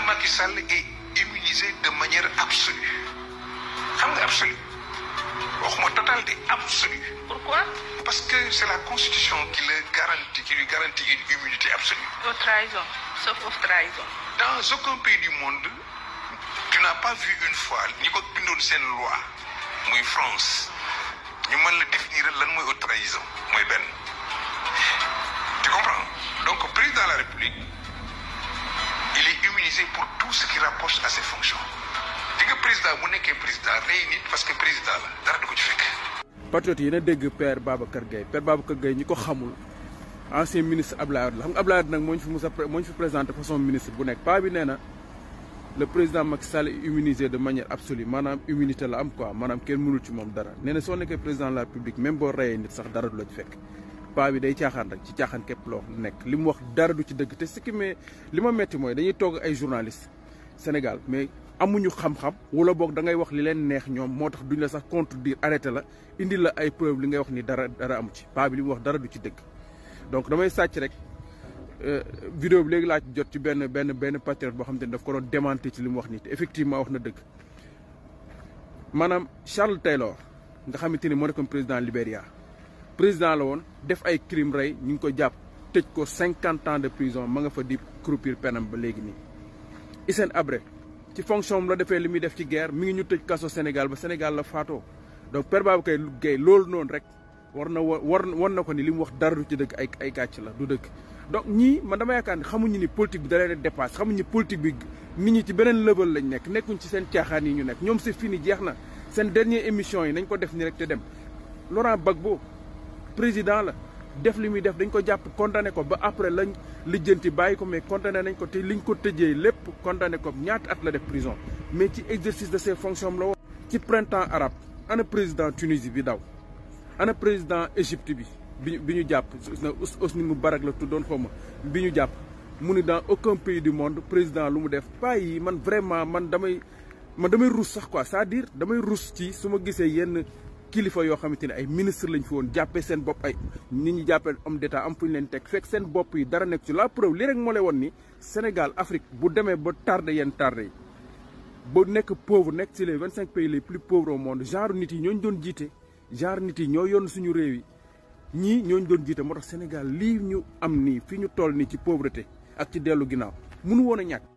président Macky Sall est immunisé de manière absolue xam nga absolue waxuma total de absolue. pourquoi. parce que c'est la constitution qui le garantit qui lui garantit une immunité absolue. aux trahisons sauf aux trahisons. dans aucun du monde tu n'as pas vu une fois ñi ko bindoon seen loi muy France ñu mën la définir lan mooy haute trahison mooy benn tu comprends donc président de la République. il est immunisé pour tout ce qui rapproche nga président bu nekkee président rey nit parce que président la dara du ko ci fekk. patriote yi na dégg père Babacar Gueye père Babacar Gueye ñi ko xamul ancien ministre Abdoulaye Wade la xam nga Abdoulaye Wade nag moo ñu fi mus a moo ñu fi présenté façon ministre bu nekk paa bi nee na président Macky Sall est de manière absolue maanaam immunité la am quoi maanaam kenn mënul ci moom dara nee soo nekkee président la République même boo reyee nit sax dara du ci fekk. paa bi day caaxaan rek ci caaxaan képp loo nekk li mu wax dara du ci dëgg te ce qui li ma metti mooy dañuy togg ay journaliste Sénégal mais amuñu xam-xam wala boog da ngay wax li leen neex ñoom moo tax duñ la sax contredire arrêté la indi la ay preuve li ngay wax ni dara dara amu ci paa bi li mu wax dara du ci dëgg donc damay sàcc rek euh, vidéo bi léegi laaj jot ci benn benn benn patriote boo xam te ne daf ko doon démenté ci li mu wax nii te effectivement wax na dëgg maanaam Charles nga xamante ni moo nekkoon président Libéria président la woon def ay crime rey ñu ngi ko jàpp tëj ko cinquante ans de prison ma nga fa di croupir penam ba léegi nii. Hissène abre ci fonction am la defee li muy def ci guerre mi ngi ñu tëj kaso Sénégal ba Sénégal la faatoo donc Père Babacar Gueye loolu noonu rek war na war war na ko ni li mu wax dara du ci dëgg ay ay la du dëgg. donc ñii man dama yaakaar ne xamuñu ni politique bi da leen dépasse xamuñu politique bi nit ñi ci beneen level lañ nekk nekkuñ ci seen caaxaan yi ñu nekk ñoom c'est fini jeex na seen dernière émission yi nañ ko def ni rek dem président la def li muy def dañ ko jàpp condamné ko ba après lañ lijjanti bàyyi ko mais condamné nañ ko te liñ ko tëjee lépp condamné ko ñaata at la def prison mais ci exercice de ses fonctions la woon ci printemps arabe ana président Tunisie bi daw ana président Égypte bi bi bi ñu jàpp Hosni Moubarak la tuddoon xaw ma bi ñu jàpp mu ni dans aucun pays du monde président lu mu def yi man vraiment man damay man damay rus sax quoi cest à damay rus ci su ma gisee yenn kilifa yoo xamante ne ay ministre lañ fi woon jàppee seen bopp ay ni ñu jàppee homme d'état am fu ñu leen teg fekk seen bopp yi dara nekk ci la preuve li rek moo lay woon ni Sénégal Afrique bu demee ba tardé yenn tardé yi ba nekk pauvre nekk ci le vingt cinq pays les plus pauvres au genre nit yi ñooñu doon jiite genre nit yi ñoo yoon suñu réew yi ñii ñooñu doon jiite moo tax Sénégal lii ñu am nii fi ñu toll nii ci pauvreté ak ci dellu ginnaaw mënu woon a ñàkk.